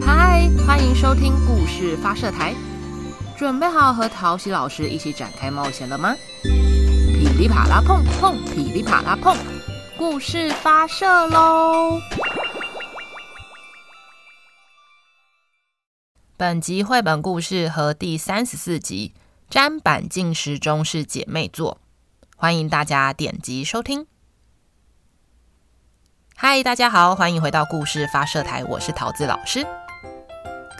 嗨，Hi, 歡迎收聽故事發射台，準備好和桃喜老師一起展開冒險了嗎？噼裡啪啦碰碰，噼裡啪啦碰，故事發射嘍！本集繪本故事和第三十四集砧板進食中是姊妹作，歡迎大家點擊收聽。嗨，大家好，歡迎回到故事發射台，我是桃子老師。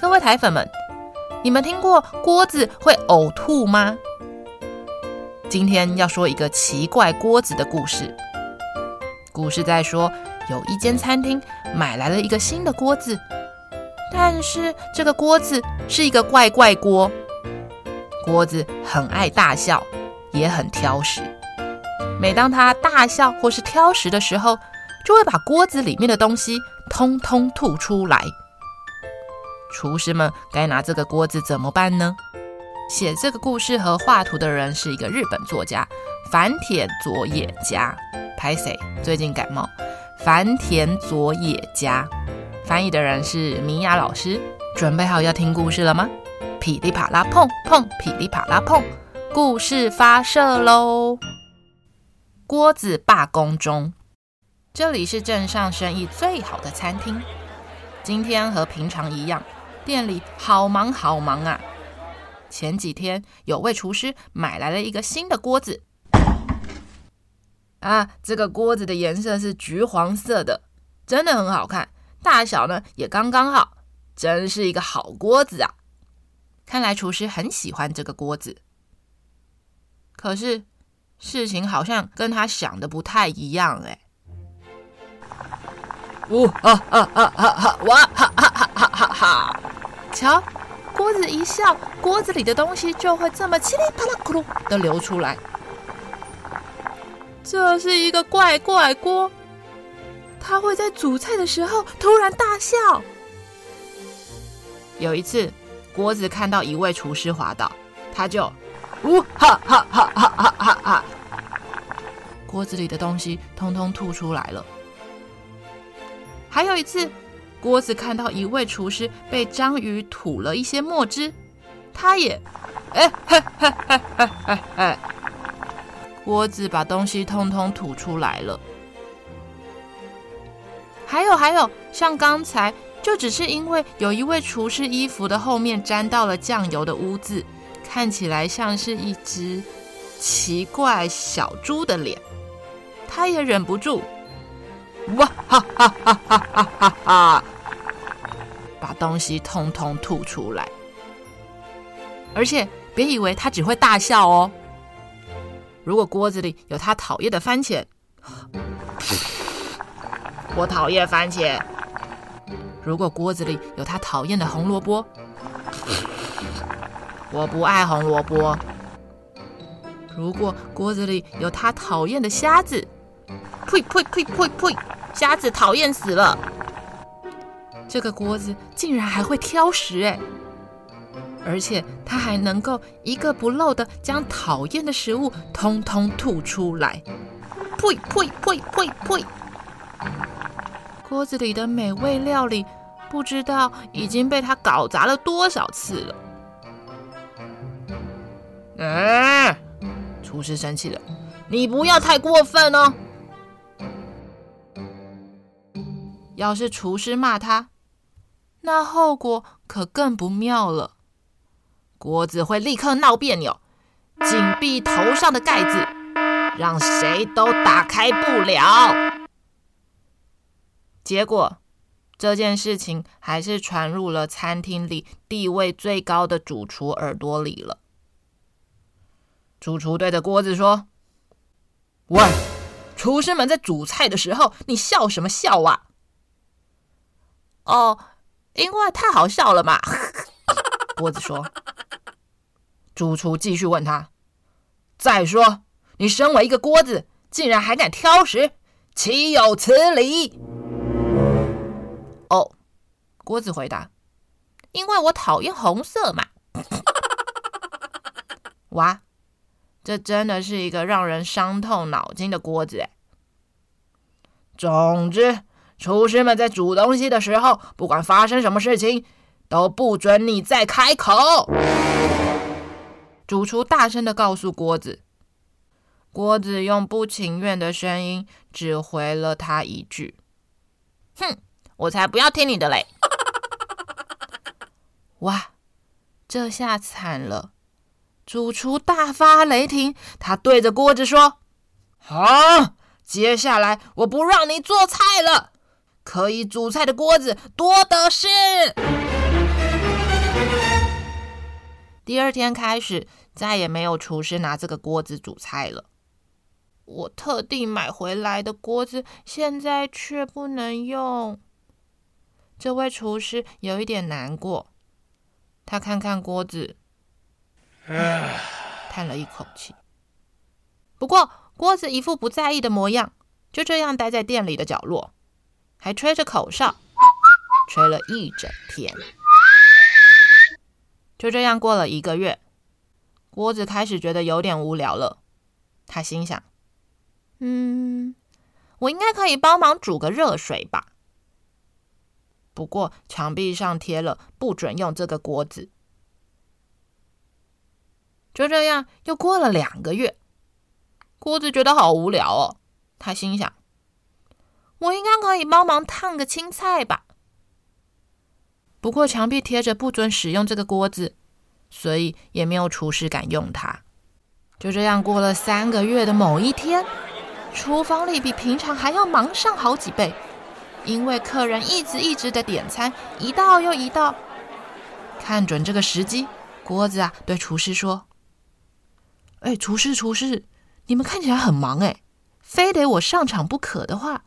各位台粉們，你們聽過鍋子會嘔吐嗎？今天要說一個奇怪鍋子的故事。故事在說，有一間餐廳買來了一個新的鍋子，但是這個鍋子是一個怪怪鍋。鍋子很愛大笑，也很挑食。每當它大笑或是挑食的時候，就會把鍋子裡面的東西通通吐出來。廚師們該拿這個鍋子怎麼辦呢？寫這個故事和畫圖的人是一個日本作家，繁田佐也加，歹勢，最近感冒。繁田佐也加，翻譯的人是米雅老師。準備好要聽故事了嗎？噼里啪啦碰碰，噼里啪啦碰，故事發射嘍！鍋子罷工中。這裡是鎮上生意最好的餐廳。今天和平常一樣。店裡好忙好忙啊！前幾天有位廚師買來了一個新的鍋子，啊，這個鍋子的顏色是橘黃色的，真的很好看，大小呢，也剛剛好，真是一個好鍋子啊！看來廚師很喜歡這個鍋子，可是事情好像跟他想的不太一樣誒。嗚啊啊啊啊啊！哇哈哈哈哈哈哈！瞧，鍋子一笑，鍋子裡的東西就會這麼噼里啪啦、咕嚕的流出來。這是一個怪怪鍋，它會在煮菜的時候突然大笑。有一次，鍋子看到一位廚師滑倒，他就嗚哈哈哈！哈哈哈哈，鍋子裡的東西通通吐出來了。還有一次。鍋子看到一位廚師被章魚吐了一些墨汁，他也，哎，嘿嘿嘿嘿嘿。鍋子把東西通通吐出來了。還有還有，像剛才就只是因為有一位廚師衣服的後面沾到了醬油的污漬，看起來像是一隻奇怪小豬的臉，他也忍不住，哇哈哈哈哈哈哈。啊啊啊啊啊把東西通通吐出來，而且別以為他只會大笑哦。如果鍋子裡有他討厭的番茄，我討厭番茄；如果鍋子裡有他討厭的紅蘿蔔，我不愛紅蘿蔔；如果鍋子裡有他討厭的蝦子，呸呸呸呸呸，蝦子討厭死了。這個鍋子竟然還會挑食哎！而且它還能夠一個不漏的將討厭的食物通通吐出來，呸呸呸呸呸！鍋子裡的美味料理，不知道已經被它搞砸了多少次了。哎，廚師生氣了，你不要太過分哦！要是廚師罵他，那後果可更不妙了，鍋子會立刻鬧彆扭，緊閉頭上的蓋子，讓誰都打開不了。結果這件事情還是傳入了餐廳裡地位最高的主廚耳朵裡了。主廚對着鍋子說：“喂，廚師們在煮菜的時候，你笑什麼笑啊？”哦。因為太好笑了嘛， 鍋子說。主廚繼續問他：“再說，你身為一個鍋子，竟然還敢挑食，豈有此理？”哦，鍋子回答：“因為我討厭紅色嘛。”哇，這真的是一個讓人傷透腦筋的鍋子，哎。總之，廚師們在煮東西的時候，不管發生什麼事情，都不准你再開口。 主廚大聲地告訴鍋子，鍋子用不情願的聲音只回了他一句：“哼，我才不要聽你的嘞！” 哇，這下慘了！主廚大發雷霆，他對着鍋子說：“好、啊，接下來我不讓你做菜了。”可以煮菜的鍋子多的是。第二天開始，再也沒有廚師拿這個鍋子煮菜了。我特地買回來的鍋子，現在卻不能用。這位廚師有一點難過，他看看鍋子，唉，嘆了一口氣。不過，鍋子一副不在意的模樣，就這樣待在店裡的角落。還吹着口哨，吹了一整天。就這樣過了一個月，鍋子開始覺得有點無聊了。他心想：“嗯，我應該可以幫忙煮個熱水吧。”不過牆壁上貼了“不准用這個鍋子”。就這樣又過了兩個月，鍋子覺得好無聊哦。他心想。我應該可以幫忙燙個青菜吧。不過牆壁貼着，不准使用這個鍋子，所以也沒有廚師敢用它。就這樣過了三個月的某一天，廚房裡比平常還要忙上好幾倍，因為客人一直一直的點餐，一道又一道。看準這個時機，鍋子啊，對廚師說：“哎，廚師廚師，你們看起來很忙誒、哎，非得我上場不可的話。”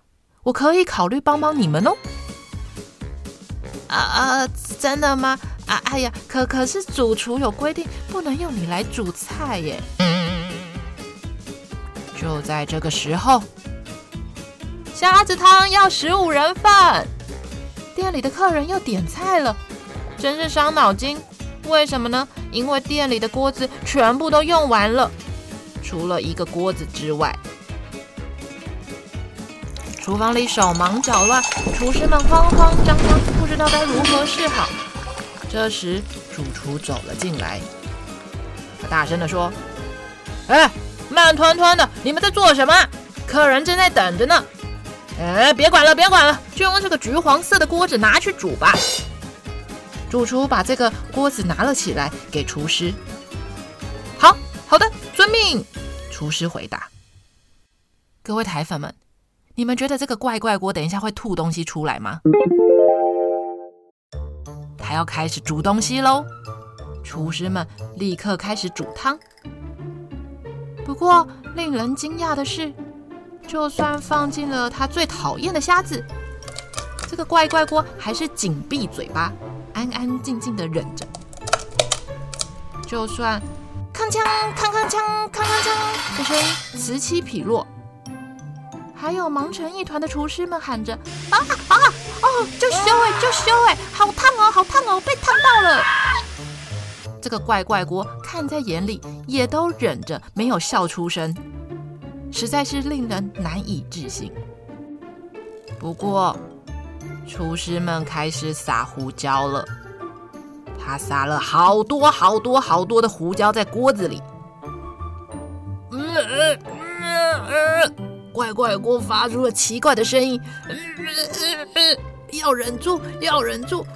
我可以考慮幫幫你們哦。啊啊，真的嗎？啊哎呀，可可是主廚有規定，不能用你來煮菜耶。就在這個時候，蝦子湯要十五人份，店裡的客人又點菜了，真是傷腦筋。為什麼呢？因為店裡的鍋子全部都用完了，除了一個鍋子之外。廚房裡手忙腳亂，廚師們慌慌張張，不知道該如何是好。這時，主廚走了進來，他大聲地說：“哎，慢吞吞的，你們在做什麼？客人正在等着呢！哎，別管了，別管了，就用這個橘黃色的鍋子拿去煮吧。”主廚把這個鍋子拿了起來，給廚師：“好好的，遵命。”廚師回答：“各位台粉們。”你們覺得這個怪怪鍋等一下會吐東西出來嗎？他要開始煮東西嘍！廚師們立刻開始煮湯。不過令人驚訝的是，就算放進了他最討厭的蝦子，這個怪怪鍋還是緊閉嘴巴，安安靜靜的忍着。就算鏗鏘鏗鏗鏘鏗鏗鏘的聲音，此起彼落。還有忙成一團的廚師們喊着：“啊啊哦，就修哎、欸，就修哎、欸，好燙哦，好燙哦，被燙到了！”啊、這個怪怪鍋看在眼裡，也都忍着沒有笑出聲，實在是令人難以置信。不過，廚師們開始撒胡椒了，他撒了好多好多好多的胡椒在鍋子裡。怪怪鍋發出了奇怪的聲音、嗯嗯嗯，要忍住，要忍住，好、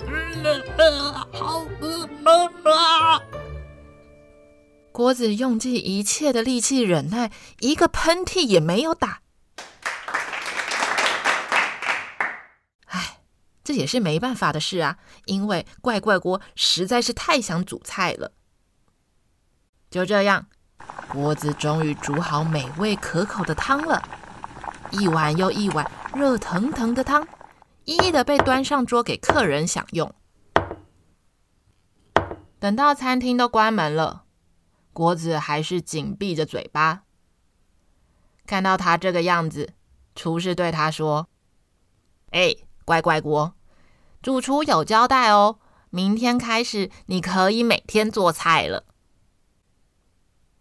嗯，好、嗯嗯嗯、啊！啊，鍋子用盡一切的力氣忍耐，一個噴嚏也沒有打。 唉，這也是沒辦法的事啊，因為怪怪鍋實在是太想煮菜了。就這樣，鍋子終於煮好美味可口的湯了。一碗又一碗熱騰騰的湯，一一的被端上桌給客人享用。等到餐廳都關門了，鍋子還是緊閉着嘴巴。看到他這個樣子，廚師對他說：“哎，乖乖鍋，主廚有交代哦，明天開始你可以每天做菜了。”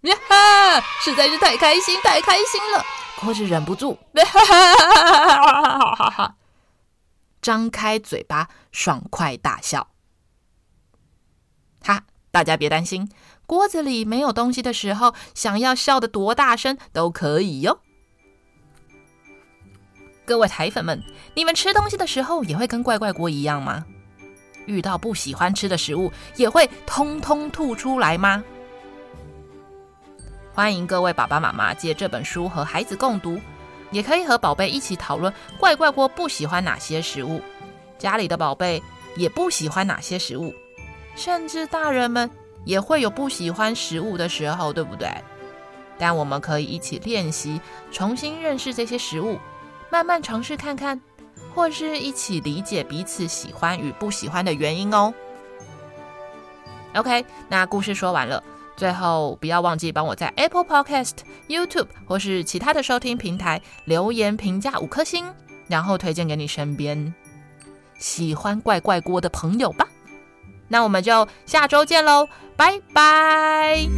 呀哈！實在是太開心，太開心了，鍋子忍不住，哈哈哈哈哈！張開嘴巴，爽快大笑。哈！大家別擔心，鍋子裡沒有東西的時候，想要笑得多大聲都可以喲。各位台粉們，你們吃東西的時候也會跟怪怪鍋一樣嗎？遇到不喜歡吃的食物，也會通通吐出來嗎？歡迎各位爸爸媽媽借這本書和孩子共讀，也可以和寶貝一起討論怪怪鍋不喜歡哪些食物，家裡的寶貝也不喜歡哪些食物，甚至大人們也會有不喜歡食物的時候，對不對？但我們可以一起練習，重新認識這些食物，慢慢嘗試看看，或是一起理解彼此喜歡與不喜歡的原因哦。OK，那故事說完了。最後，不要忘記幫我在 Apple Podcast、YouTube 或是其他的收聽平台留言評價五顆星，然後推薦給你身邊喜歡怪怪鍋的朋友吧。那我們就下周見嘍，拜拜。